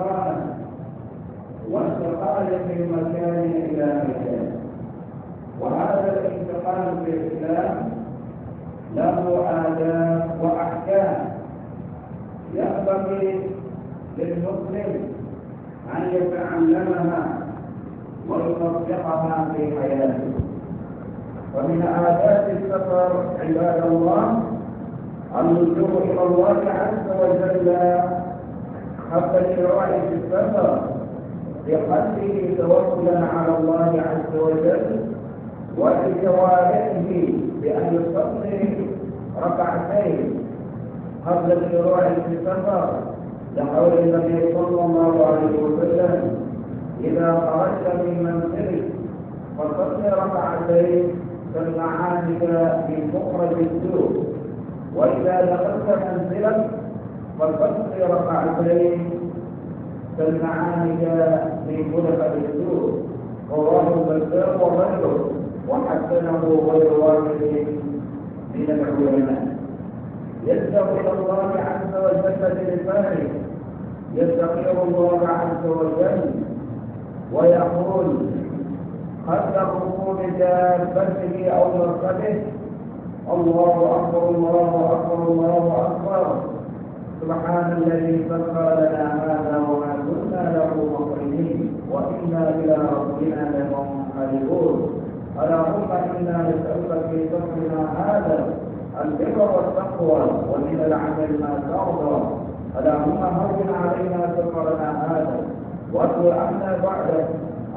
والانتقال وانتقال من مكان إلى مكان وهذا الانتقال في الإسلام له آداب وأحكام ينبغي للمسلم أن يتعلمها ويطبقها في حياته ومن عادات السفر عباد الله اللجوء إلى الله عز وجل حتى الشرائع في السفر بقلبه توكلا على الله عز وجل وبجوارحه بأن يصلي ركعتين قبل الشروع في السفر لقول النبي صلى الله عليه وسلم إذا خرجت من منزلك فصلي ركعتين سمعانك في مخرج السوق وإذا دخلت منزلك والفتح ركعتين كالمعاني من خلق السور رواه البزار وغيره وحسنه غير واحد من العلماء يتقي الله عز وجل بلسانه يستقر الله عز وجل ويقول قبل ركوب دابته او مركبه الله اكبر الله اكبر الله اكبر سبحان الذي سخر لنا هذا وما كنا له مقرنين وإنا إلى ربنا لمنقلبون اللهم إنا نسألك في سفرنا هذا البر والتقوى ومن العمل ما ترضى اللهم هون علينا سفرنا هذا واطل عنا بعدك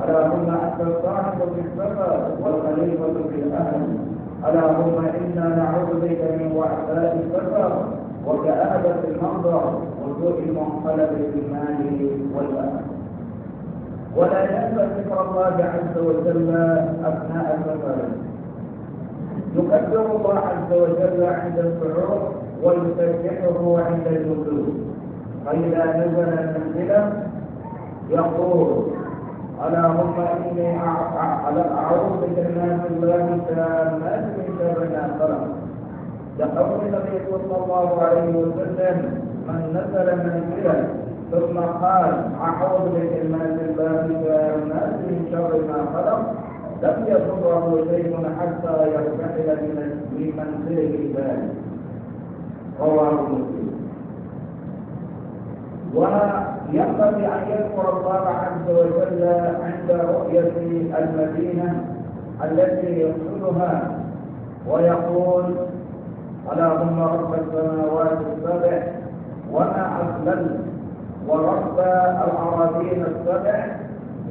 اللهم أنت الصاحب في السفر والخليفة في الأهل اللهم إنا نعوذ بك من وعثاء السفر وكآبة المنظر وجوع المنقلب الإيماني والأمل ولا ينسى ذكر الله عز وجل أثناء السفر يكبر الله عز وجل عند الشعور ويسبحه عند الجلوس فإذا نزل المنزلة يقول اللهم إني أعوذ بكلمات الله تامات من شر ما خلق لقول النبي صلى الله عليه وسلم من نزل منزلا ثم قال اعوذ بكلمات الله والناس من شر ما خلق لم يضره شيء حتى يرتحل من منزله ذلك رواه مسلم وينبغي ان يذكر الله عز وجل عند رؤيه المدينه التي يدخلها ويقول اللهم رب السماوات السبع وما أخلل ورب الأراضين السبع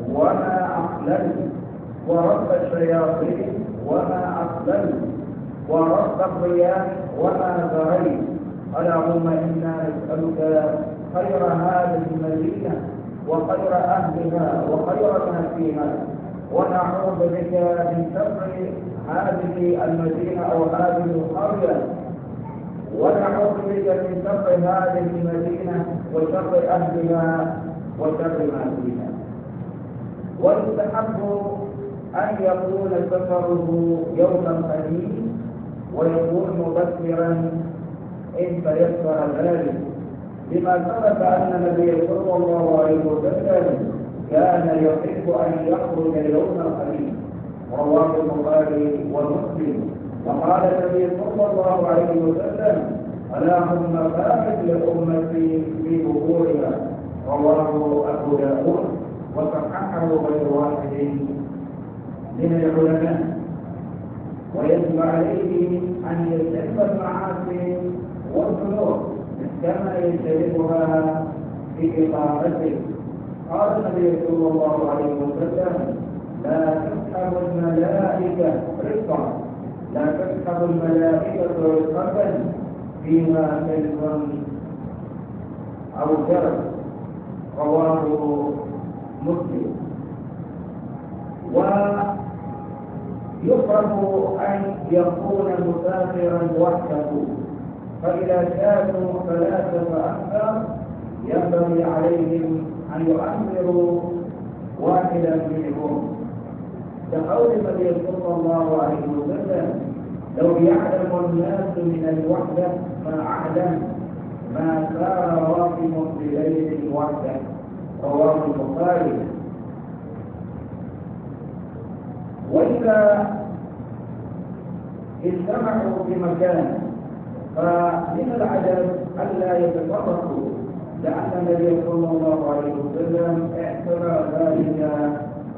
وما أخلل ورب الشياطين وما أخلل ورب الرياح وما زريت اللهم إنا نسألك خير هذه المدينة وخير أهلها وخير ما فيها ونعوذ بك من شر هذه المدينة أو هذه القرية ونعوذ بك من شر هذه المدينة وشر أهلها وشر ما فيها ويستحب أن يكون سفره يوما قليل ويكون مبكرا إن تيسر ذلك لما ثبت أن النبي صلى الله عليه وسلم كان يحب أن يخرج يوما قليل رواه البخاري ومسلم وقال النبي صلى الله عليه وسلم اللهم بارك لامتي في ظهورها رواه ابو داود وصححه غير واحد من العلماء ويجب عليه ان يجتنب المعاصي والذنوب كما يجتنبها في اقامته قال النبي صلى الله عليه وسلم لا تسحب الملائكه رفقا لا تسحب الملائكة رزقة فيما كلب أو جرد رواه مسلم ويكره أن يكون مسافرا وحده فإذا كانوا ثلاثة وأكثر ينبغي عليهم أن يؤمروا واحدا منهم كقول النبي صلى الله عليه وسلم لو يعلم الناس من الوحدة ما أعلم ما كان راقم بليل الوحدة رواه البخاري وإذا اجتمعوا في مكان فمن العجب ألا يتفرقوا لأن النبي صلى الله عليه وسلم اعتبر ذلك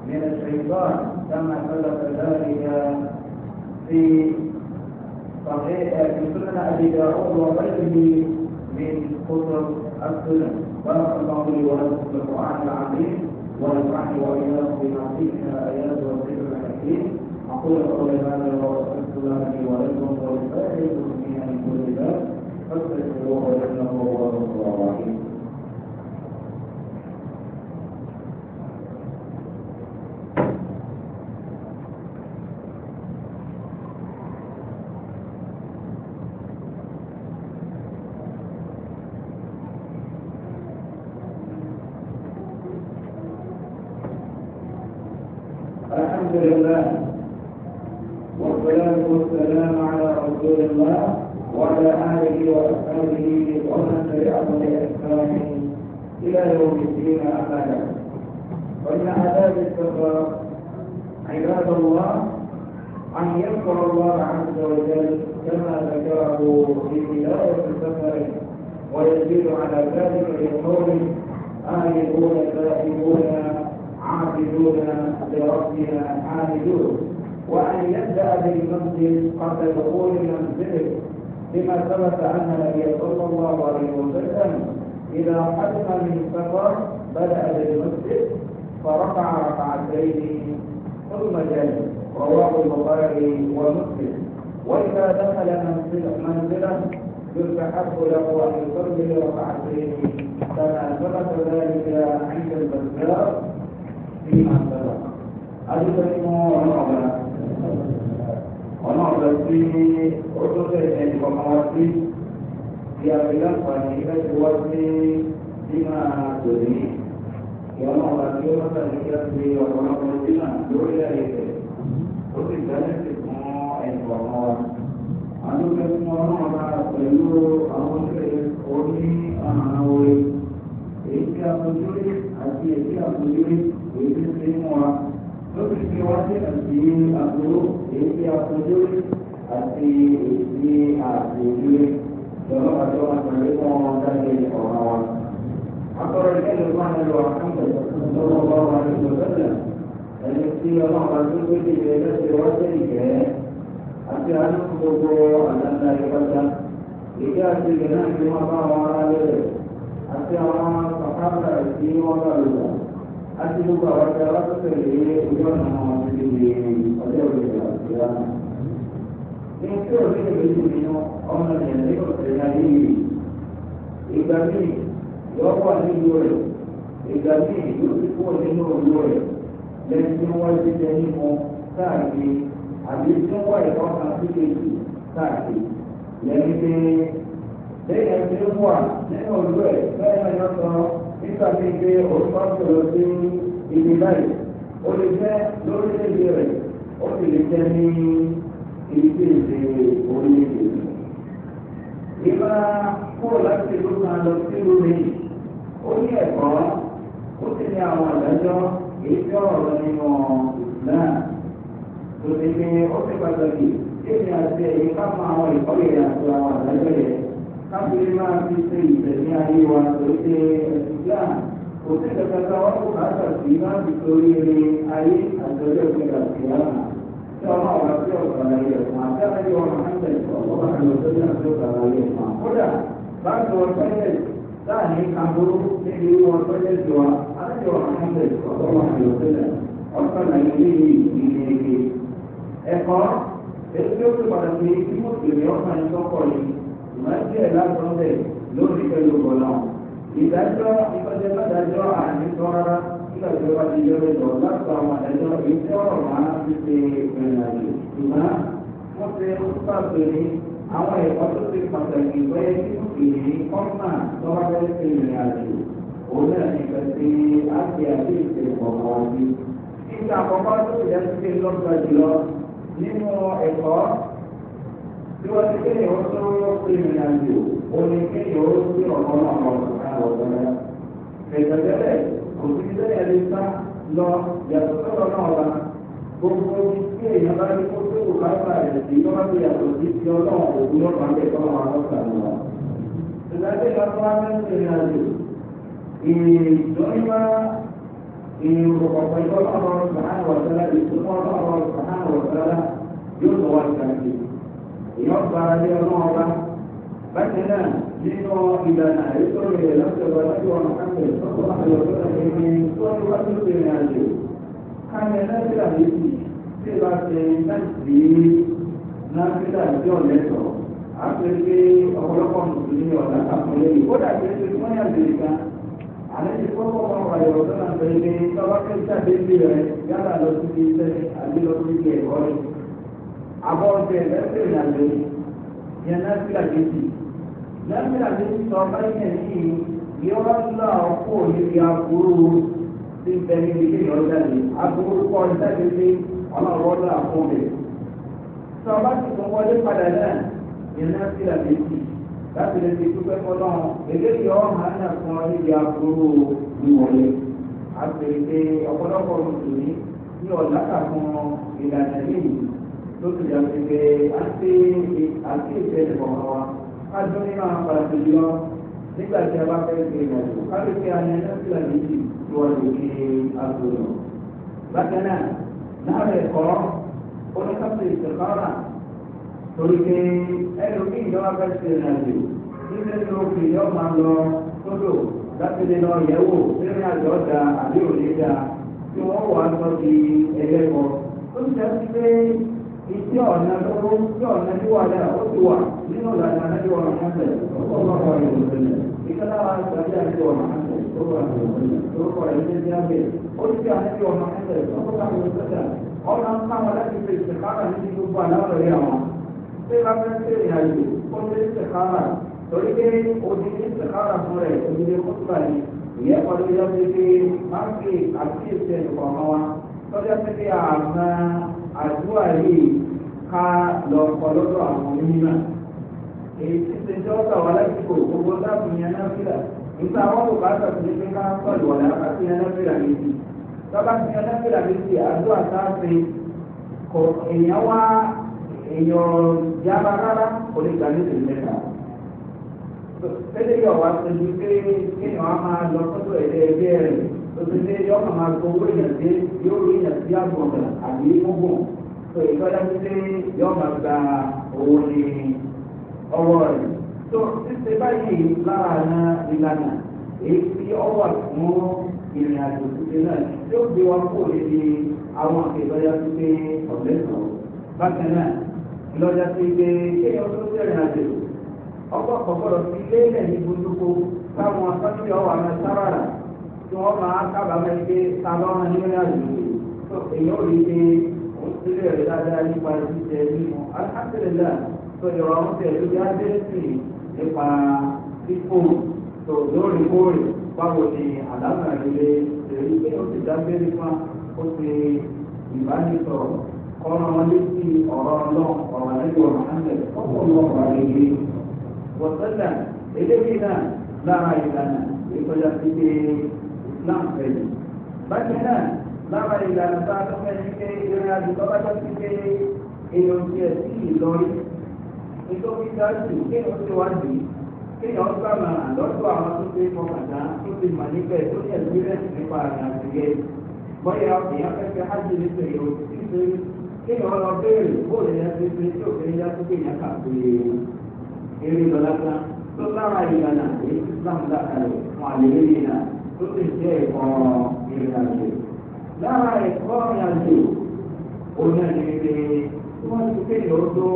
من الشيطان كما سبق ذلك في صحيح في سنن ابي داود وغيره من كتب السنن بارك الله لي ولكم في القران العظيم ونفعني واياكم بما فيه من الايات والذكر الحكيم اقول قولي هذا واستغفر الله لي ولكم ولسائر المسلمين من كل ذنب فاستغفروه انه هو الغفور الرحيم الحمد لله والصلاة والسلام على رسول الله وعلى آله وأصحابه ومن تبعهم بإحسان إلى يوم الدين أبدا بعد فإن عذاب السفر عباد الله أن يذكر الله عز وجل كما ذكره في بداية السفر ويزيد على ذلك بقوله آمنون تائبون عابدون لربنا عابدون وأن يبدأ بالمسجد قبل دخول منزله بما ثبت أن النبي صلى الله عليه وسلم إذا قدم من سفر بدأ بالمسجد فرفع ركعتين ثم جلس رواه البخاري ومسلم وإذا دخل منزله منزله يستحب له أن يصلي ركعتين كما ثبت ذلك عند البزار bí màá sọ̀rọ̀ adúgbò tí wọ́n ọ̀nà ọ̀gá ọ̀nà ọ̀gá tí ó tó fẹ́ ẹni kọ̀ọ̀kan wá sí bí abẹ́lẹ́ àǹfààní láti wá sí bí máa tòlé ìwọ̀n ọ̀gá tí ó lọ́sà ní kí á fi ọ̀pọ̀lọpọ̀ sí náà lórí ẹ̀rẹ́ ó sì dáná sí fún ẹni kọ̀ọ̀kan wá. adúgbò tí wọ́n ọ̀nà ọ̀gá pẹ̀lú èyí tí ti mú wa ló fi fi wá sí àti àbúrò èyí tí a fojú rí àti èyí tí a ti rí lọ́nà àti wọn àtàlẹ́ fún wọn dájú ọ̀rọ̀ wa. akọrọ ìkẹlẹ fún àwọn ẹlò àkàǹtẹ lọ́wọ́ bá wà ní ìgbọ̀sẹ̀lẹ̀ ẹni tí ọlọ́run àti ó ti rẹ̀ lẹ́sẹ̀ wá sí ìgbẹ́ àti àánú gbogbo àdáńdá ìpàdá ìgbẹ́ àti ìgbẹ́ náà ti wọn bá wọn rárẹ̀ àti àwọn àkàǹtà ìdí wọn bá lò wọn àti gbogbo àwọn ọ̀gá alákọ̀ọ́sẹ̀ lè ojú ọ̀nà àwọn ti lè ọjọ́ ìrìn àti ìlànà. ní tí ò ní ìrètí mi ná ọmọ ìyẹn ní ọ̀sẹ̀ náà yé yìí. ìgbà míì yọ wà nínú rẹ̀ ìgbà míì yóò ti kúrò nínú òru rẹ̀ lẹ́yìn tí wọ́n ti jẹ nímọ̀ káàkiri àbí tí wọ́n ẹ̀kọ́ kan sí kejì káàkiri lẹ́yìn pé lẹ́yìn tí ó wà nínú òru rẹ̀ bẹ́ẹ̀ nígbà tí pé òun máa ń sọ̀rọ̀ sí ibi báyìí ó lè jẹ́ lórílẹ̀-èdè rẹ̀ ó sì lè jẹ́ ní ibi tí èdè orílẹ̀-èdè rẹ̀. ìbá kúrò láti ìlú kan lọ sí ìlú mi ó ní ẹ̀kọ́ ó sì ní àwọn àdájọ́ èyí tí ọ̀rọ̀ nínú náà tó ti gbé ó sì pàtàkì èmi àti ẹ̀yìn ká máa àwọn ìkọ́lé àti àwọn àdájọ́ yẹn káfíńsì máa fi ṣe ìtẹ̀lé ayé wa lórí ṣe ẹ̀sùn islam kò sí ìdọ̀kẹ́ta wọn kò bá tàbí máa fi torí eré ayé àtọ́jọ́ ìgbéga sí àná tí ọmọ ọ̀gá sí ọ̀gá ayé ẹ̀fọn àti àyè ọmọ ẹ̀ńtẹ̀ ọ̀gá ọ̀gá lọ́sọ́jà sí ọ̀gá ayé ẹ̀fọn kódà bá ń sọ tẹ́lẹ̀ láàrin aburú níbi wọn tọ́jẹ́ sí wa àyè ọmọ ẹ̀ńtẹ̀ ọ̀gá ọ̀gá lọ́sọ́jà ọ̀sán náà ní ilé ẹ̀kọ́ èyí tó ti ìrántí ẹ̀ lásán bẹ̀ lórí pẹ̀lú bọ̀lá ìdájọ́ ìfọ́jẹ́ lọ́dájọ́ àdìsọ́ rárá nígbà tí wọ́n ti yọ ẹ̀dọ̀ láti àwọn àdájọ́ ìṣe ọ̀rọ̀ máa fi ṣe ìrìnàjò ṣùgbọ́n wọ́n ṣe ó pàṣẹ ní àwọn ẹ̀kọ́ tó ṣe pàtàkì bẹ́ẹ̀ tí kò sì ní kọ́ńtà tó wá fẹ́ ṣe ìrìnàjò òun náà ní pẹ̀sẹ̀ àti àti ìṣẹ̀kọ̀ wọ̀nyí. nígbà bí wọ́n ti kéde ó tó ìrìn àjò ó ní kéde ó sí ọ̀kan náà lọ káàlọ́ gbọ́dọ̀. Ìgbàgbẹ́lẹ̀ kò sí ilé ẹni sá lọ yàtọ̀ sọ́dọ̀ náà la. Gbogbo tí èèyàn bá ní kó tó wù káàkà rẹ̀ sí lọ́wọ́ ti yàtọ̀ sí ti ọlọ́run òkú lọ́pàá bẹ̀ tọ́ àwọn ọ̀sán lọ. Ìgbàgbẹ́ ìgbàgbọ́ á ní ìrìn àjò. Ìjọba ìrọ̀pọ̀ ìgbọ́lọ́ èèyàn fara lé ọlọ́wọ́ bá bákan náà nínú ìlànà àìsọ̀rọ̀ rẹ̀ lọ́sọ̀rọ̀ láti wọn káfẹ́ ọ̀pọ̀ àyọ̀tọ̀ ẹni tó ń wá tó rìn àjò káyọ̀ náírà méjì tí ìbá ṣe láti náírà tí ò lẹ́tọ̀ á fẹ́ pé ọ̀pọ̀lọpọ̀ mùsùlùmí ọ̀la àpọ̀lẹ́ yìí kódà pé ṣe wọ́n yà lè ga àlejò kọ́kọ́ wọn wà yọ̀tọ̀ náà fẹ́ pé tọ́wọ́ kẹ́kẹ́ àdébí rẹ̀ yálà lọ sí ilé iṣẹ́ àdé lọ sí ilé ẹ̀kọ́ rẹ̀ àbọ̀ ọ̀sẹ̀ lẹ́sẹ̀ ìrìnàjò yẹn lẹ́sẹ̀ àjèjì lẹ́sẹ̀ àjèjì sọ báyìí yìí yóò wá lọ kó níbi aburú ti bẹ̀rẹ̀ níbi ìyọ̀jáde aburú kọ́ ìjáde sí ọlọ́wọ́ náà fún mi. sọ bá ti tún wọlé padà náà yẹn lẹ́sẹ̀ àjèjì láti lè fi dúpẹ́ fọlọ́ eléyìí ọ̀hán náà fún ọ níbi aburú ìwọlé àti èdè ọ̀pọ̀lọpọ̀ mùsùlùmí ní ọ̀làkà fún ìlànà yìí lókè ìdájọ́ pé àti àti ìfẹ́ ìfọ̀mọ́ wa ká dún nínú àwọn pàtàkì yọ nígbà tí a bá fẹ́ ṣe ìrìnàjò ká lè fi àyàn náà sílẹ̀ méjì tí wọ́n lè fi àgbòrò. bákan náà láàrẹ̀ ẹ̀kọ́ oníkàtà ìṣèkára torí pé ẹlòmíì ìjọba fẹ́ ṣe ìrìnàjò nílé tó fi yọ máa lọ sódò láti lè lọ yẹ̀wò nínú àjọ ọ̀dà àbí òní dà tí wọ́n wà á sọ di ẹlẹ́kọ̀ọ́. ó ti dá sí pé iṣẹ́ ọ̀nà lọ́wọ́ iṣẹ́ ọ̀nà tí wà dára ó ti wà nínú ìlànà àti wà máa bẹ̀ ọkọ̀ máa wà ní ìrọ̀lẹ́ ìkàlà wa ti àti àti wà máa bẹ̀ ó wà ní ìrọ̀lẹ́ orúkọ rẹ̀ ní ẹgbẹ́ abẹ́ ó ti àti wà máa bẹ̀ ọkọ̀ máa wà ní ìrọ̀lẹ́ ọ̀nà ń káwọn láti fi ìṣèkára níbi gbogbo àlọ́ rẹ̀ àwọn ṣé bá fẹ́ ṣe ìrìn ó ṣe ìṣèkára torí pé odi ní ìṣèkára fún rẹ̀ òdìdí kótópà ni ìyẹn kọjú yọ pé pé máa ń fi àkíyèsí ẹ̀dùn kọ̀ọ̀kan wa tọ́jú pé pé àmà àdúrà yìí ká lọ kọ lọ́dọ̀ àwọn onímọ̀ èyí tí ṣe jọ́ ọ̀tà wà lásìkò gbogbo sáàpù yẹn náà fìlà nígbà wọn kò bá sàkóso pé ká pọ̀lù ọ̀dà àti yẹn náà fìlà méjì tọ́ba ti yẹn náà fìlà méjì àdúrà sáàpù kò èèyàn wá èèyàn yára rárá kò lè gbà nítorí mẹ́ta pẹ́lẹ́ yọ̀ wá sẹ́yìn pé kéèyàn á máa lọ sọ́dọ̀ ẹ̀dẹ́ òṣèlú yọ ọmọ máa gbọ́ owó èèyàn dé yóò rí èèyàn sí àbọ̀ ọ̀gàn àbí gbogbo tó ìtọ́jà títí yọ ọmọ gba owó ní ọwọ́ rẹ̀ tó títí báyìí lára àná ìlànà èyí tí ọwọ́ àtúnwó ìrìn àjò títí náà yóò gbé wa kó níbi àwọn àkètọ́jà títí ọ̀lẹ́sàn bákan náà lọ́jà tí pé kéèyàn tó tẹ̀rìn àjò ọgbọ́n kọ̀ọ̀kọ̀rọ̀ sí lélẹ̀ ní gbogbo táwọn tí wọ́n máa kábàámọ̀ ní pé ta ló ń rìn rìn àjò tó èèyàn rí pé òun sílẹ̀ rẹ̀ dáadáa nípa jíjẹ mímu alákàtúndà tó ìrọ̀ ọ̀hún tẹ̀ lórí ádẹ́sì nípa fífò tó lóòrèkóòrè báwo ni àdámà rere èyí pé ó ti dábẹ́ nípa ó ti ìbánisọ̀rọ̀ kọ́ra wọn létí ọ̀rọ̀ náà ọ̀rọ̀ àlejò mohammed ọ̀pọ̀ ọ̀rọ̀ àlejò wọ̀sẹ̀lẹ̀ eléyìí náà lára ìlànà ìtọ́jà ti dé náà fẹ̀yìn. bákan náà lára ìlànà tá a tó fẹ́ ní pé ìrìn àjò tó bá jásí pé èèyàn ti ẹ̀ sí ìlọrí nítorí dájú kéèyàn ti wá dì í kéèyàn gbàmà lọ́dọ̀ àwọn tó ti fọkàtà tó ti mà níbẹ̀ tó ní ẹ̀sìn rẹ̀ nípa àgbàdo yẹn bọ́yá èèyàn fẹ́ fẹ́ hajj nítorí o nítorí kéèyàn lọ béèrè bóòlù yẹn ti fi tí òfin yá tó kéèyàn kà pé eré lọ́lá kan tó lára ìlànà èyí tó láǹdà kalẹ̀ fún àlè lẹ́yìn náà tó sì jẹ́ ìkan ìrìnàjò. lára ẹ̀kọ́ ìrìnàjò onírìnrìnrè tí wọ́n ti pè lọ́dọ́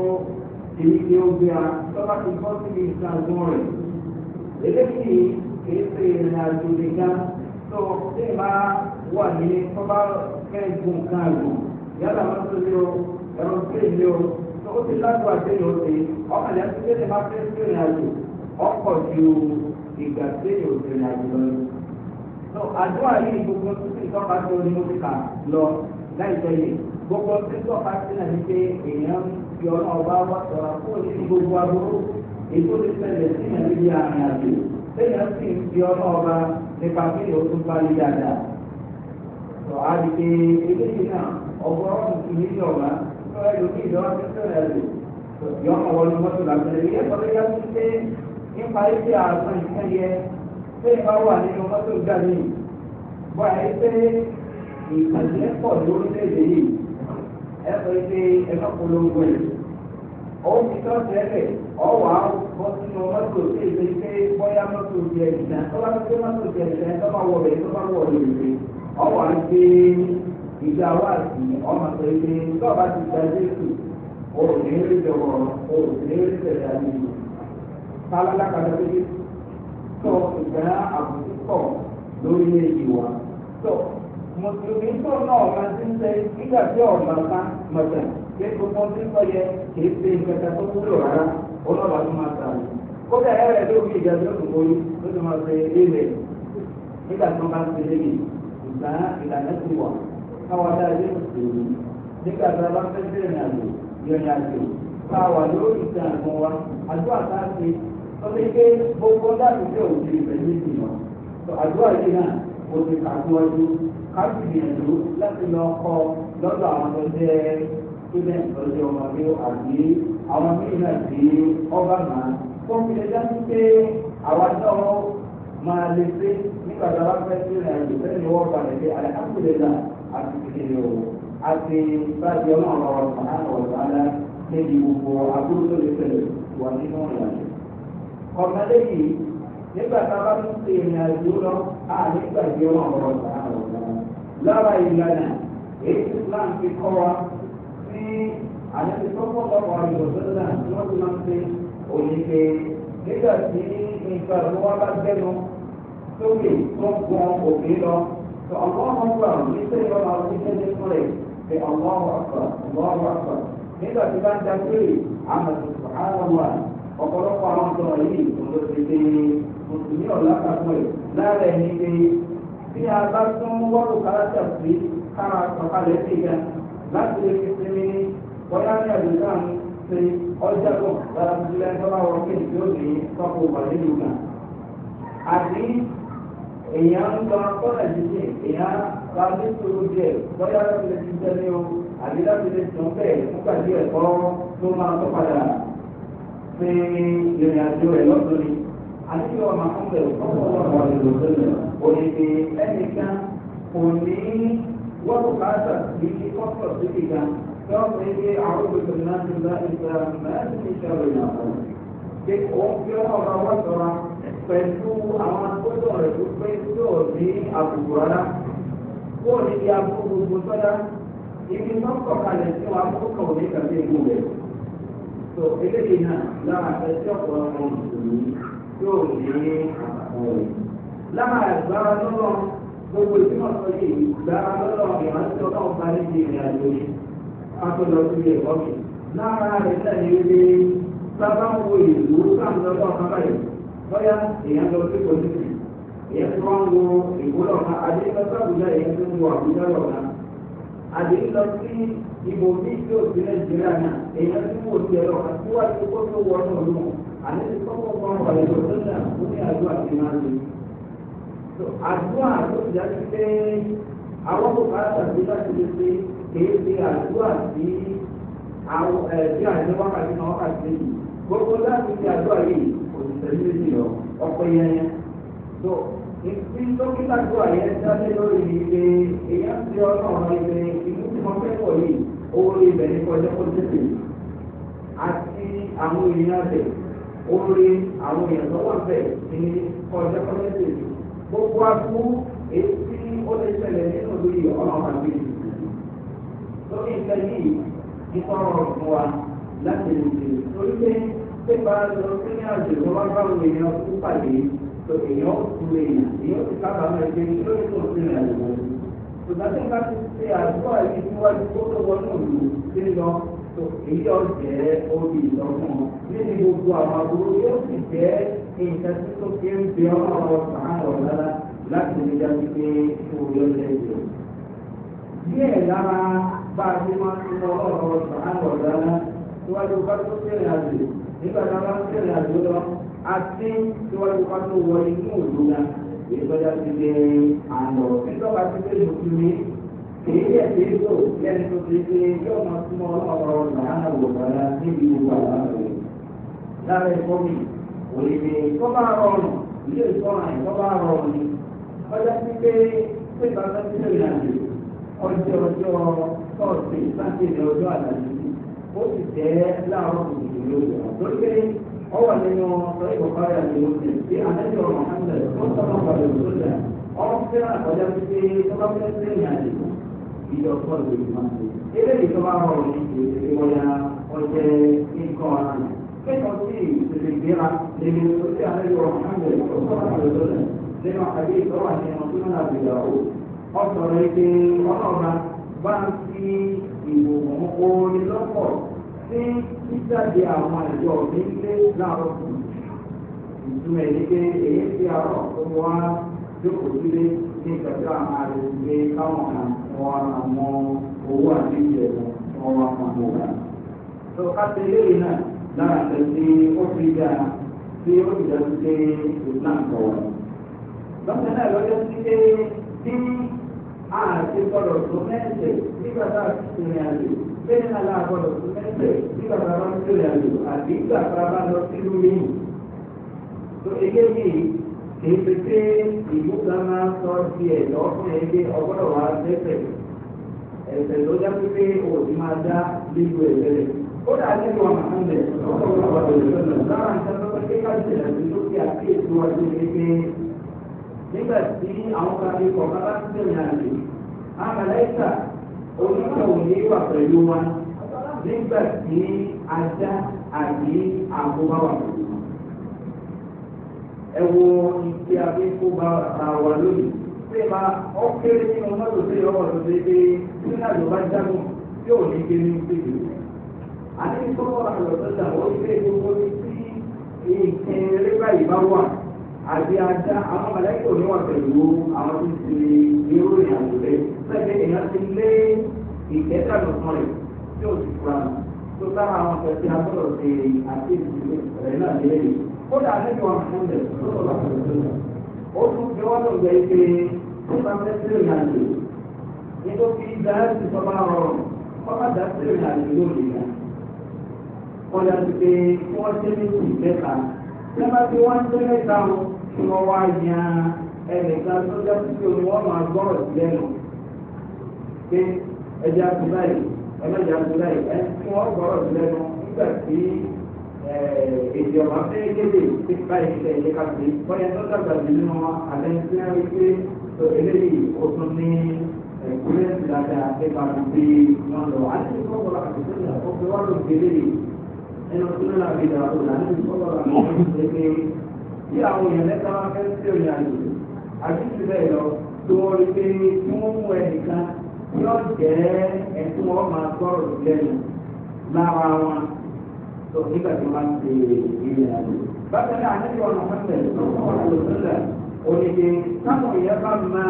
èyí ni ó gbé a tọ́ba ti kọ́ síbi ìtagun rẹ̀. eléyìí kìí ṣe ìrìnàjò nìkan tó ṣe máa wà ní tọ́ba kẹ́ẹ̀gùn kan àgùn yálà wọ́n tó lé o ẹ̀rọ tó lé o tó ti lágbó àtẹ̀yìn òde ọkàn yẹn ti tẹ́lẹ̀ máa fẹ́ sí ìrìnàjò ọkọ̀ ju ìgbà tẹ́lẹ̀ òde ìrìnàjò lọ àdúrà yìí gbogbo títí ìtọ́ka tó ní mo ti kà lọ láìpẹ́ yìí gbogbo títí ìtọ́ka sí náà ní pé èèyàn fi ọ̀nà ọba wa sọ̀rọ̀ kó o ní gbogbo aburú ètò ti ṣẹlẹ̀ sí ìyàn níbi àrùn àjò lẹ́yìn sì ń fi ọ̀nà ọba nípa pé o tún bá lè dáadáa. sọ àdìgbé eléyìí náà ọgọ́rùn-ún ti ní ìjọba tó ẹ lòdì ìjọba tó ṣẹlẹ̀ lò yọ ọmọ wọlé mọ́tò làbẹ́rẹ́ ilé pé ìbá wà nínú mọ́tò gbà mí wà á pé ìpàdé pọ̀ lórílẹ̀‐èdè yìí ẹ sọ pé ẹ má polongo yìí òun ti tọ́ sẹ́lẹ̀ ọ̀wà bọ́ sínú mọ́tò tí èdè pé bọ́yá mọ́tò jẹ ìdá tó bá gbé mọ́tò di ìdá tó bá wọ̀ bẹ́ẹ̀ tó bá wọ̀ lóore ọ̀wà gbé ìgbà wà sí ọmọ sọ pé tó bá ti gba jésù òun ní rí jọ̀wọ́ òun ní rí tẹ̀lé àlejò tó ìgbà àbùkù pọ̀ lórí èyí wa. tó mùsùlùmí tó náà máa ti ń sẹ nígbà tí ọ̀nà ká mọ̀tẹ̀ pé gbogbo tí ń sọ yẹ kìí ṣe ìgbẹ́ta tó wúlò rárá ọlọ́wà tó máa sàrò. kódà ẹ rẹ̀ lórí ìjà tó kù kórí tó ti máa ṣe ilé nígbà tí wọ́n bá ṣe léyìn ìgbà ìlànà ti wà káwọn dá mùsùlùmí nígbà tí wọ́n bá fẹ́ bẹ̀rẹ̀ àjò yọ̀nyàjò káwọn lórí ìtàn àgbọn wa àjọ àtàkì ó ti ké gbogbo dàbí pé òun ti pẹ̀lú ìgbìmọ̀ tó àdúrà yìí náà ó ti kàdúwọ́jú káàdì ìgbìyànjú láti lọ kọ lọ́dọ̀ àwọn tó jẹ́ student lọ́jọ́ ọmọdé àbí àwọn míì náà sí ọba náà tó fi lè dá sí pé àwa náà máa lè pé nígbà tá a bá fẹ́ sí ìrìn àjò fẹ́ẹ́ ni wọ́n balẹ̀ pé àlẹ́ àkùlẹ̀ náà àti kékeré o àti báyìí ọlọ́run ọ̀rọ̀ sàn án ọ̀rọ̀ sàn án níbi gbogbo agbóhùn tó lè tẹ̀lé wà nínú ìrìn àjò ọ̀nà lẹ́yìn nígbà tá a bá tún ṣe ìrìn àjò lọ a nígbà tí wọ́n rọ̀ lára ìlànà èyí tí Islam fi kọ́ wa sí àyẹ̀tí tó pọ̀ lọ́wọ́ àyọ̀sọ́lá náà tí wọ́n ti máa ń ṣe òyìnbó nígbà tí nǹkan ìwọ́n bá gbẹ́nu sókè tó gun òbí lọ tó ọlọ́run gbà níṣẹ́ ìwọ́n máa fi ṣe nínú rẹ̀ pé ọlọ́run àgbà ọlọ́run àgbà nígbà tí bá ń dá ọ̀pọ̀lọpọ̀ àwọn ọ̀dọ́ yìí ló ti dé mùsùlùmí ọ̀la kakọ̀ ẹ̀ lára ẹni pé bí a bá tún wọ́pọ̀ kárátà sí kára sọ̀kalẹ̀ sí ga láti lè fi sinmi ní bọ́lá ní àdúgbò àwọn ṣe ọjà bọ̀ lára ìdílé tọ́lá wọn kí ìdí òní tọ́kù wàlẹ́ ìlúgà. àti èèyàn ń lọ akọ́nà jíjẹ èèyàn bá ní sòrò díẹ̀ bọ́lá láti lè ti tẹ́lẹ̀ o àbí láti lè sùn bẹ́ẹ̀ nígbà díẹ̀ kọ́ máa tọ́ padà pé ìrìn àjò rẹ̀ lọ́dún ni àti ọmọ akọ́kọ̀ ọ̀pọ̀lọpọ̀ ìlú sílẹ̀ òyìnbí ẹnìkan kò ní wọ́pọ̀ káàtà ní kọ́kọ̀ sí ìgbà tí wọ́n fi ṣe àwọn òbí náà ti bá ìgbà mẹ́rin ní ìṣẹ̀lẹ̀ ìyàwó pé òun fi ọ̀rọ̀ wọ́n sọ̀rọ̀ pẹ̀lú àwọn akọ́jọ́ rẹ̀ tó pé tí ò ní àbùkù rárá kó ní di abúrú gbogbo sọ́dá ibi tó ń kọ̀kalẹ̀ sí wa kó kọ̀ ní kàbí ìlú rẹ̀. tó eléyìí náà lára ẹjọ́ ọ̀pọ̀lọpọ̀ mùsùlùmí yóò ní àpapọ̀ rẹ̀. lára ìgbára lọ́lọ́ gbogbo ìtumọ̀ sọ yìí ìgbára lọ́lọ́ ìrántí ọlọ́run bá ní ti ìrìn àjò ìbò ní ìlú òsì nàìjíríà náà èèyàn tí mo ti ẹ̀rọ àti wá sí kó tó wọnú ọdún àti tí kọ́kọ́ kan wà lè lọ sọ́jà tó ní àjọ àti máa lè. àdúrà tó ti dájú pé àwọn kò bá tàbí láti lè ṣe kéé ṣe àdúrà sí àwọn ẹ̀ẹ́dí àti wákàtí náà wákàtí yìí gbogbo láti ṣe àdúrà yìí kò sì tẹ̀lé méjì lọ ọ̀pẹ yẹn. tó dókítà tó àyẹ̀ dá lé lórí ilé èèyàn ti ọlọ́run nǹkan fẹ́pọ̀ yìí orí ibẹ̀ ní kọjá kó tètè àti àwọn èèyàn bẹ̀ orí àwọn èèyàn tó wà bẹ̀ ní kọjá kó tètè gbogbo àbú èyí tí ó lè ṣẹlẹ̀ nínú lórí ọlọ́run àbí lórí ìfẹ́ yìí nípa ọ̀rọ̀ fún wa láti lè ṣe torí pé pépà lọ sí ní àjò tó wá bá àwọn èèyàn tó pàdé tó èèyàn ó tu èèyàn èèyàn ti kábàámọ̀ ẹgbẹ́ lórí tó ń sílẹ̀ àjò wọn ṣe àdúrà yìí síwájú tó tó wọnú ìlú lílọ tó èyí yóò jẹ́ orí ìlọ́gbọ̀n nínú gbogbo àwọn aburú yóò sì jẹ́ nǹkan tí tó fi ń bẹ ọmọ ọmọ sàn án lọ́la láti lè dájú pé orí ọ̀sẹ̀ ìlú. díẹ̀ lára bá a ti máa ń lọ ọmọ sàn án lọ́la síwájú bá tó tẹ̀lé àjò nígbà tá a bá ń tẹ̀lé àjò lọ àti síwájú bá tó wọ inú òdòdó ìgbọ́dá ti lé ti lé ìlú èyí yẹ kí ló lẹ́nu tó ti ṣe yóò máa túmọ̀ ọ̀rọ̀ làánà wò lára níbi ìwà láàrú lára ẹ̀kọ́ mi kò lè dé tó bá rọrùn ilé ìtọ́ra ẹ̀ tó bá rọrùn ni ọjọ́ sí pé pé bàbá ti lè rìn àjò ọjọ́ ọjọ́ tọ́ọ̀sì sátidé ọjọ́ àdàlù ó sì tẹ́ láàárọ̀ kùtùkùtù lórí ọ̀ lórí pé ọwọ́ nínú ọ̀sán ìkọ̀kọ̀ ayà ni ó ti ṣe àdájọ́ ọ̀rọ̀ hàn ìjọ pọ̀ lórí ìgbà. Eléyìí tó bá wọ̀ ní ìwọ̀ya ọ̀jẹ̀ nǹkan ara rẹ̀. Kẹ́kọ̀ọ́ sí ìṣẹ̀lẹ̀ ìgbéra lèmi tó ti àlejò ọ̀hánjẹ̀ ọ̀sán àlejòlẹ̀ lẹ́nu àkàdé ìtọ́wà ní ọmọ tó náà bìyà ó. Ọ sọ̀rọ̀ ike ọlọ́ọ̀ra bá ń fi ìwòmọ̀ orin lọ́pọ̀ sí jíjáde àwọn àjọ mi lé láàárọ̀ kù. Ìtumọ̀ ẹ̀ ní pé èyí ti àárọ̀ tó wá jókòó sílé ní ìgbàgbọ́ àwọn àrùn pé káwọn kan wọn àwọn owó àti ìjẹ̀bù wọn wá kan bò wá. tó ká ṣe léyìí náà lára ṣe ṣe ó fi dá sí ó fi dájú pé islam kọ̀ wá. lọ́sẹ̀ náà lọ́jọ́ sí pé bí àti gbọ́dọ̀ tó mẹ́sẹ̀ nígbà tá a ti rìn àjò bẹ́ẹ̀ náà láà gbọ́dọ̀ tó mẹ́sẹ̀ nígbà tá a bá ń rìn àjò àti ìgbà tá a bá lọ sí yìí. tó èyí pé ìlú kan máa ń sọ sí ẹ̀ lọ́sùn ẹgbẹ́ ọgbọ́dọ̀ wá lẹ́sẹ̀ ẹ̀sẹ̀ ló já pé òdì máa dá lílo ẹ̀sẹ̀ rẹ̀ ó dà ní ìwà màá lẹ̀ ọ̀pọ̀ ọ̀pọ̀ ìṣẹ̀lẹ̀ lára ń tẹ́lọ́ pé ká ṣẹlẹ̀ sí lókè àti ètò ọjọ́ pé nígbà tí àwọn kan ní kọ̀ọ̀kan bá ti tẹ̀lé àlè àmàlẹ́sà onímọ̀ òní wà pẹ̀lú wa nígbà tí ajá àbí àgbo bá wà pẹ̀lú ẹ wo ìgbé abẹ́kóbá àwa lónìí ṣé máa ọ kéré nínú mọ́tò sí ọkọ̀ tó ṣe pé tí náà ló bá jágùn yóò ní gbé ní gbèdé. àti sọ́kọ̀ àlọ́sọ́dà ó ṣe gbogbo ní tí nǹkan eré báyìí bá wà àti ajá àwọn mọ̀lẹ́kọ̀ ní wà pẹ̀lú àwọn tó ti irú ìyàwó rẹ̀ lẹ́gbẹ̀ẹ́ èèyàn ti lé ìkẹ́tà lọ́sàn rẹ̀ tí ó ti fura tó sára àwọn ọ̀sẹ̀ tí a ṣe àti ìdílé rẹ̀ náà kódà níbi wọn fún lẹ lọ́dọ̀ lọ́dọ̀ lọ́dọ̀ ó tún fi wọ́n lọ gbẹ ike nípa fẹ́sẹ̀rì àjò nítorí dáhàtì sọ́ba rọrùn kọ́ba dáhàtì àjò yóò lè yá wọ́n yà sí pé wọ́n ṣe ní kù mẹ́ta lẹ́bàá tí wọ́n ṣe mẹ́ta o kí wọ́n wá ya ẹnìkan tó jẹ́ sí omi wọ́n máa gbọ́rọ̀ sí lẹ́nu pé ẹja àti báyìí ẹlẹ́jà àti báyìí ẹ kí wọ́n gbọ́rọ̀ sí lẹ́nu nígbà tí èdè ọba fẹ́ kéde pé báyìí ṣe ilé ká pé wọ́n yẹ tó dàgbà nínú àlẹ́sílẹ̀ wípé eléyìí ó tún ní ìpínlẹ̀ ìdájà nípa gbogbo wọn lọ. àti ìfọwọ́ra àti ìfọwọ́ra ó fi wá lóògbé eléyìí ẹnu tó ní làbí ìdàgbò là ní ìfọwọ́ra àti ìfọwọ́ra pé bí àwọn èèyàn mẹ́ta wá fẹ́ sí òyìn àjò àti ìfilẹ̀ lọ tó wọ́n rí pé kí wọ́n mú ẹnìkan yóò jẹ́ ẹ̀tún ọ tó nígbà tí wọ́n ti ìrìn àjò. bákan náà níbi ọ̀nà pẹ́pẹ́ tó ń wọ́n lò sílẹ̀ oníke táwọn ìyẹn bá ma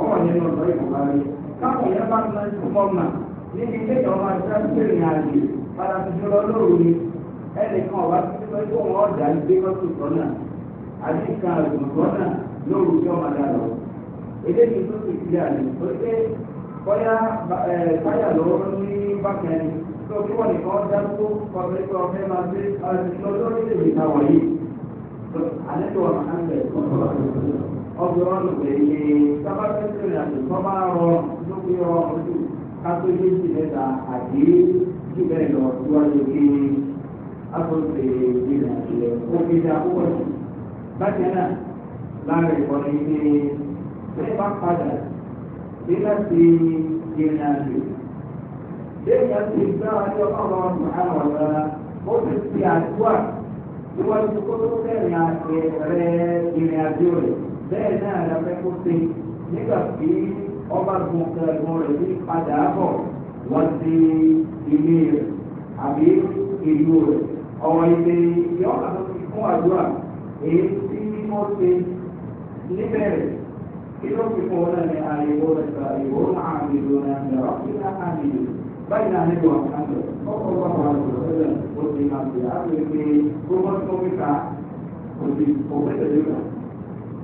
ọwọ́ nínú ọ̀dọ́ ìmọ̀lárí táwọn ìyẹn bá ma túbọ̀ mà níbi ilé ìjọba ìṣẹ́ ìrìn àjò padà ti dúró lóru ni ẹnìkan ọ̀wá títí pé kó wọn ọ̀dà gbé mọ́tò sọ́nà àti nǹkan àgùn sọ́nà lóru tí ọmọ dà lọ. eléyìí tó ti di àná pé bóyá táyà lọ́wọ́ ní bákan tó kí wọ́n nìkan dá tó pàmílẹ́kọ̀ ọ̀fẹ́ máa gbé lọ́jọ́ nílé ìta wọ̀nyí. àlejò ọ̀nà kan bẹ̀ ọ̀gbìn wọn lò pé ní sábàtì ìrìn àjò tó bá rọ lókè rọ ojú kátó méjì mẹ́ta àdé jù bẹ́ẹ̀ lọ síwájú kí àtúnṣe ìrìn àjò rẹ̀ ó fi dá púpọ̀ jù. bákan náà láàrin ìkọ́ni ní ṣé bá padà sí láti ìrìn àjò déèyàn ti gbá ọjọ́ ọlọ́run àmàlà ọ̀la ó ti fi àdúrà níwájú kó tó bẹ̀rẹ̀ àti rẹ ìrìn àjò rẹ̀ bẹ́ẹ̀ náà la fẹ́ kó ṣe nígbà tí ọba gun kẹ̀gbọ́n rẹ̀ ní padà bọ̀ wọ́n ti ilé rẹ̀ àbí ìlú rẹ̀ ọ̀rọ̀ ìpè ìyọ́nà tó ti fún àdúrà èyí tí wọ́n ṣe níbẹ̀rẹ̀ kí ló fi fún ọ náà ní àyẹ̀wò rẹ̀ sọ àyẹ̀wò àmì ìlú náà ní ọ̀rọ̀ kí náà àmì ìlú báyìí náà nílò àkàndọ̀ ọkọ̀ bá wà lọ́wọ́ sẹ́lẹ̀ ó ti máa fi àgbèrè pé kó wọ́n tó mẹ́ta kò sí ọ̀pẹ́ tẹ̀lé rà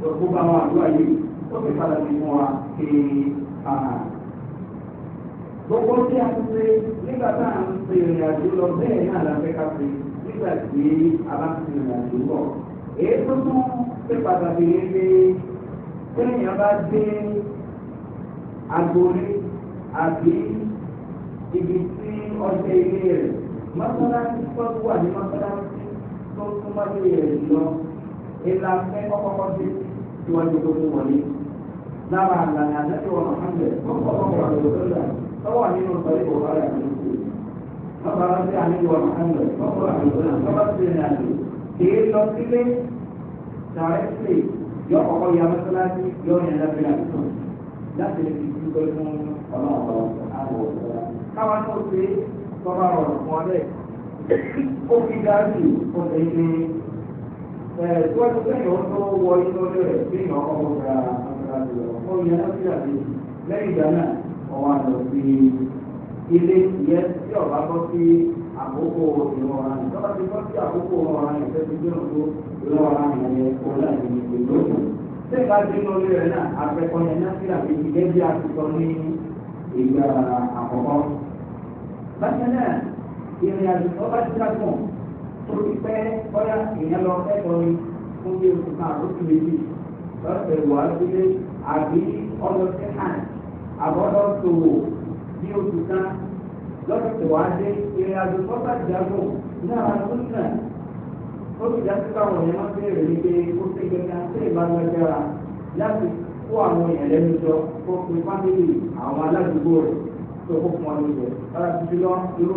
lọ́kọ́ bá wà lọ́wọ́ yìí ó ti padà sí fún wa pé gbogbo tí a ti ṣe nígbà tá à ń ṣe ìrìn àjò lọ bẹ́ẹ̀ náà la fẹ́ ká ṣe nígbà tí a bá ti ṣe ìrìn àjò lọ. èyí tó tún ṣe pàtàkì ni pé téèyàn bá dé agboolé àbí ibi tí ọṣẹ ilé rẹ̀ mọ́sálásí tó wà ní mọ́sálásí tó súnmọ́ ilé rẹ̀ lọ ìlà fẹ́ kọ́kọ́kọ́ sí ìwádìí tó mú wọlé. lára àlàyé àdájọ́ wọn àhàndẹ̀ tó kọ́ ọ̀rọ̀ ọ̀rọ̀ lọ́dà tó wà nínú sọ̀rọ̀ ìwọ̀ báyà tó ń ṣe. lọ́bàárà sí àníwọ̀ àhàndẹ̀ tó kọ́ àlùkò náà tó bá ti rìn àjò kì í lọ sílé dàrẹ́sì yọ ọkọ ya mọ́sálásí yọ ìyànlá fẹ́ràn tó láti káwa náà ṣe tọ́ba ọ̀rọ̀ fún ọ bẹ́ẹ̀. ó fi dáàbì ọ̀sẹ̀ ilé tíwájú lẹ́yìn ó tó wọ inú ọjọ́ rẹ̀ bí ìyàn ọkọ̀ ọ̀gá ọ̀gá rẹ̀ ó yẹ láti àbí lẹ́yìn ìgbà náà ọ̀wọ́n àlọ́ sí ilé ìyẹn tí ọ̀gá bọ́ sí àkókò ìwọ̀n ọ̀ràn yìí tọ́ba ti bọ́ sí àkókò ìwọ̀n ọ̀ràn yìí tẹ́tí gbé òun tó ìwọ̀n ọ̀ràn yìí yẹn kó láti ìlú òkú. ṣé ìgbà tí inú ilé rẹ̀ náà àpẹkọ yẹn náà sí àbí ìgbẹ́ bí a ti sọ ní ìgbà àkọ́kọ́ bákan náà ìrìn àjò tó bá ti dàpọ̀ tó ti pẹ́ bọ́yá ìyẹn lọ kẹ́kọ̀ọ́ ni fún bí oṣù kan àlóṣù méjì lọ́sẹ̀ wà sílé àbí ọlọ́sẹ̀ hàn àbọ̀dọ̀ tòwò bí oṣù kan lọ́sẹ̀ wà dé ìrìn àjò tó bá ti dàpọ̀ náà tó ń nà ó ti dàpọ̀ káwọn yẹn máa bẹ̀rẹ̀ ní pé ó ti gbẹ̀gàn sí ìbáraẹnìjára láti kó àwọn èèyàn lẹ́nu jọ kó pe fámìlì tó kó fún ọ ní ibẹ̀ lára títí lọ irú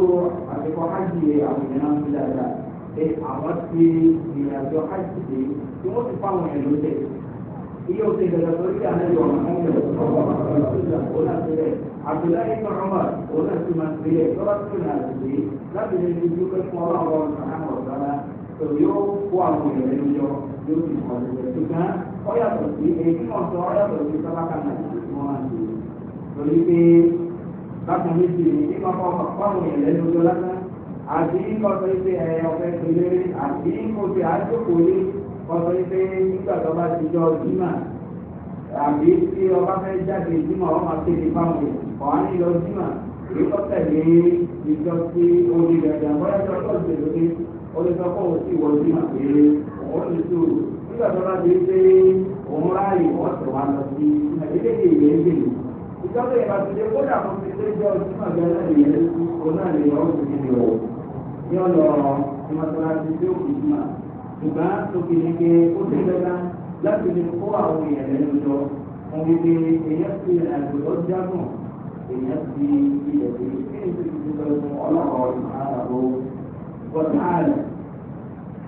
àtẹkọ hajj yẹ àwọn èèyàn náà ń fi dáadáa pé àwọn ti ìrìnàjò hajj dé tí wọ́n ti fáwọn èèyàn ló tẹ̀ iye òsè ìdàgbà tó rí àná yọ ọ̀nà mọ́mọ́ ọ̀nà sílẹ̀ àbúláyé kọ̀ọ̀mọ̀ ọ̀nà sí máa sílẹ̀ lọ́wọ́ sí ìrìn àjò dé láti lè ní ojú pé fún ọlọ́run ọ̀sán ọ̀sán yóò kó àwọn èèyàn lójọ yóò fi kọ́ ọ̀sẹ̀ ṣùgbọ́n ọ̀yàtọ̀ sí èyí tí wọ́n sọ sí sábà náà ti wọ́n máa ń lò lórí pé bákan méjì ní kíkọ́ kọ́ fáwọn èèyàn lẹ́nu ọjọ́ lásán àti kọ́ sọ pé ẹ ọ̀fẹ́ pèlérè àti kò sí àjòkòlé kọ́ sọ pé nígbà tó bá ti jọ ìmọ̀ àbí tí ọba fẹ́ jáde ìdímọ̀ ọmọ akéde fáwọn ọ̀hán ní lọ ìdímọ̀ èyí tó tẹ̀lé ìjọ sí orí gàdà bóyá tó tó ṣe lóde olùsọ́kọ̀ ò sì wọ ìdímọ̀ pé òun ní sùúrù nígbà tó bá dé pé òun ráàyè wọ́n tẹ̀ wá lọ sí ilé ìjọba ìbàdìdé kódà kò fi lé jẹ́ ojúmọ̀ gẹ́gẹ́ bí ẹni kò náà lè yọ ọ́sùn níbi o ní ọ̀nà ìmọ̀tòláṣí tí ó fi jùmọ̀ ṣùgbọ́n tóbi ní pé ó ti lẹ́gbà láti lè kó àwọn èèyàn lẹ́nu jọ wọn fi pé èèyàn fi àgbẹ̀dọ́ jágùn èèyàn fi ilẹ̀ pé kí ni ti fi lọ fún ọlọ́rọ̀ ìmọ̀ bọ́tà rẹ̀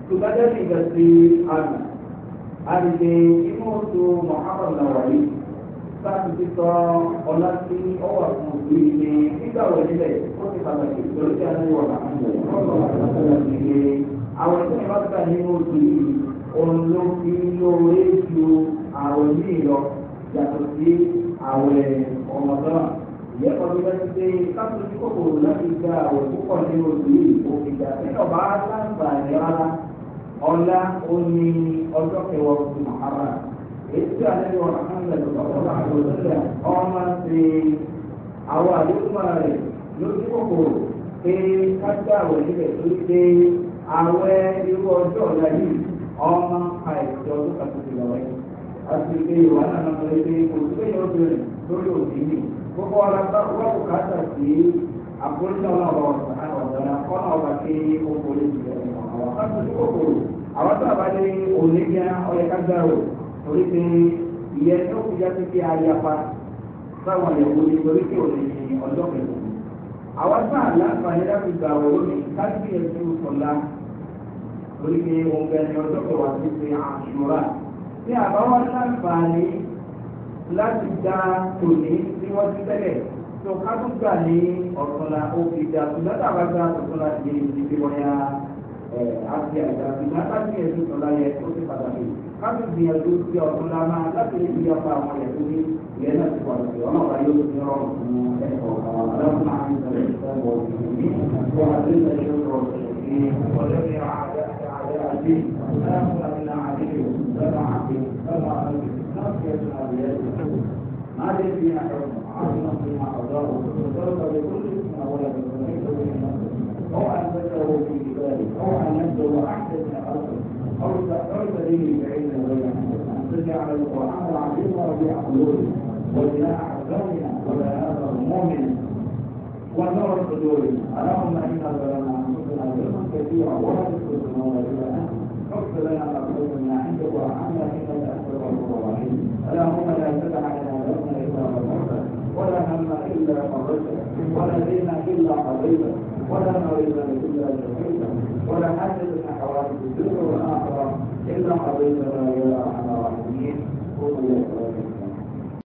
ṣùgbọ́n jẹ́ nígbà tí láti fi sọ ọlá tí ó wà fún òbí ni nígbà wo nílẹ̀ ó ti pàtàkì lórí kí a ní wọ̀nà ọ̀rọ̀ àtàkùn ìdílé àwọn ìṣẹ̀lẹ̀ bá gbà nínú oṣù yìí òun ló fi lóore ju àwọn yìí lọ yàtọ̀ sí àwọn ọmọdọ́nà ìyẹn kan tó bá ti dé káfíńsì kòkòrò láti gba àwọn púpọ̀ nínú oṣù yìí òfin ìgbà tí ọba láǹfààní rárá ọlá ó ọjọ́ kẹwàá oṣù mọ̀hárà ètò àlejò àkàndàlù ọ̀pọ̀lọpọ̀ àti òṣìṣẹ́ ọmọ ti àwọn àdéhùn rẹ̀ lójú kòkòrò pé kájà àwẹ̀ níbẹ̀ tó ń dé àwẹ̀ irú ọjọ́ ọ̀la yìí ọmọ àìsí ọdún kàtàkì lọ́wọ́ yìí. àti pé ìwà náà lọ pé pé kò sí èèyàn obìnrin lórí òbí mi gbogbo ọ̀la bá wà bùkátà sí àpòlítà ọlọ́wọ́ ọ̀sán ọ̀nà ọ̀gá pé ó kò lè jù lọ. àwọn kan tó ń kòkòrò àwọn tó àbálẹ̀ òní torí pé ìyẹn tó fi jáde bí ayapa sáwọn ìyàwó ni torí pé òní ni ọjọ́ kẹlẹ́ àwọn sáà láǹfààní láti gbà wọ́n lónìí káàkiri ẹ̀sìn ọ̀la torí pé òun bẹ ní ọjọ́ kẹwàá ti ṣe àṣùrà tí àbáwá láǹfààní láti dá tòní tí wọ́n ti tẹ́lẹ̀ tó ká tó gbà ní ọ̀túnla ó fi dá tó látàbá dá ọ̀túnla ti di ìdíje wọ́n yá àti àgbà tó látàbí ẹ̀sìn ọ̀la yẹ ó ti pàtàkì. káfí gbìyànjú ti ọ̀tún la máa láti lè fi ọ̀pá àwọn ẹ̀kú ní ìyẹn náà ti pọ̀ sí ọ̀nà ọ̀gá yóò fi rọrùn fún ẹ̀kọ́ àwọn aláwọ̀ máa ń sọ̀rọ̀ ìfọwọ́ ìfòmí wọ́n á lè lè ṣe ọ̀rọ̀ ìfòmí ọ̀lẹ́ni àdá àdá àdé ọ̀lẹ́ni àdá àdé ọ̀lẹ́ni àdé ọ̀lẹ́ni àdé أو أن تدعو في ذلك أو أن يبدو أحد أرض أرض دين بعيد غير تجعل القرآن العظيم ربيع قلوبنا وجلاء أحزاننا وبلاء المؤمن ونور صدورنا اللهم إنا ظلمنا أنفسنا ظلما كثيرا ولا تغفر الذنوب إلا أنت فاغفر لنا مغفرتنا عندك وارحمنا إنك أنت الغفور الرحيم اللهم لا تدع لنا ذنبا إلا غفرته ولا هم إلا فرجته ولا دينا إلا قضيته ولا مريضا إلا شفيته ولا حاجة الأحوال في الدنيا والآخرة إلا قضيتنا الى أرحم الراحمين قل يا